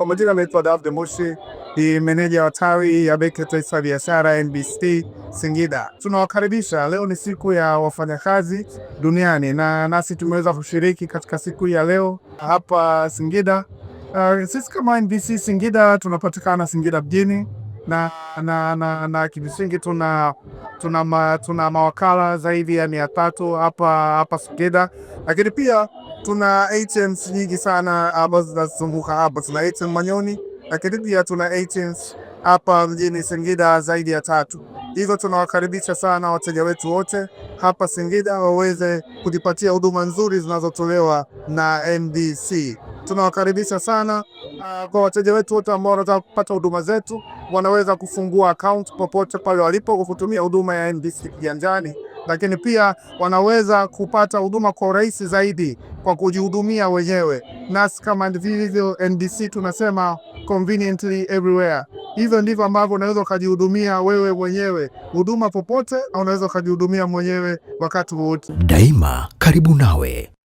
Kwa majina naitwa David Mushi, ni meneja wa tawi ya Benki ya Taifa ya Biashara NBC Singida. Tunawakaribisha. Leo ni siku ya wafanyakazi duniani na nasi tumeweza kushiriki katika siku ya leo hapa Singida. Uh, sisi kama NBC Singida tunapatikana Singida mjini na, na, na, na kimsingi tuna, tuna, ma, tuna mawakala zaidi ya mia tatu hapa hapa Singida, lakini pia tuna agents nyingi sana ambazo zinazunguka hapa. Tuna agents Manyoni, lakini pia tuna agents hapa mjini Singida zaidi ya tatu. Hivyo tunawakaribisha sana wateja wetu wote hapa Singida waweze kujipatia huduma nzuri zinazotolewa na MDC tunawakaribisha sana uh, kwa wateja wetu wote ambao wanataka kupata huduma zetu, wanaweza kufungua account popote pale walipo kwa kutumia huduma ya NBC Kiganjani, lakini pia wanaweza kupata huduma kwa urahisi zaidi kwa kujihudumia wenyewe, nasi kama vilivyo NBC tunasema conveniently everywhere. Hivyo ndivyo ambavyo unaweza ukajihudumia wewe mwenyewe huduma popote, au unaweza ukajihudumia mwenyewe wakati wote. Daima karibu nawe.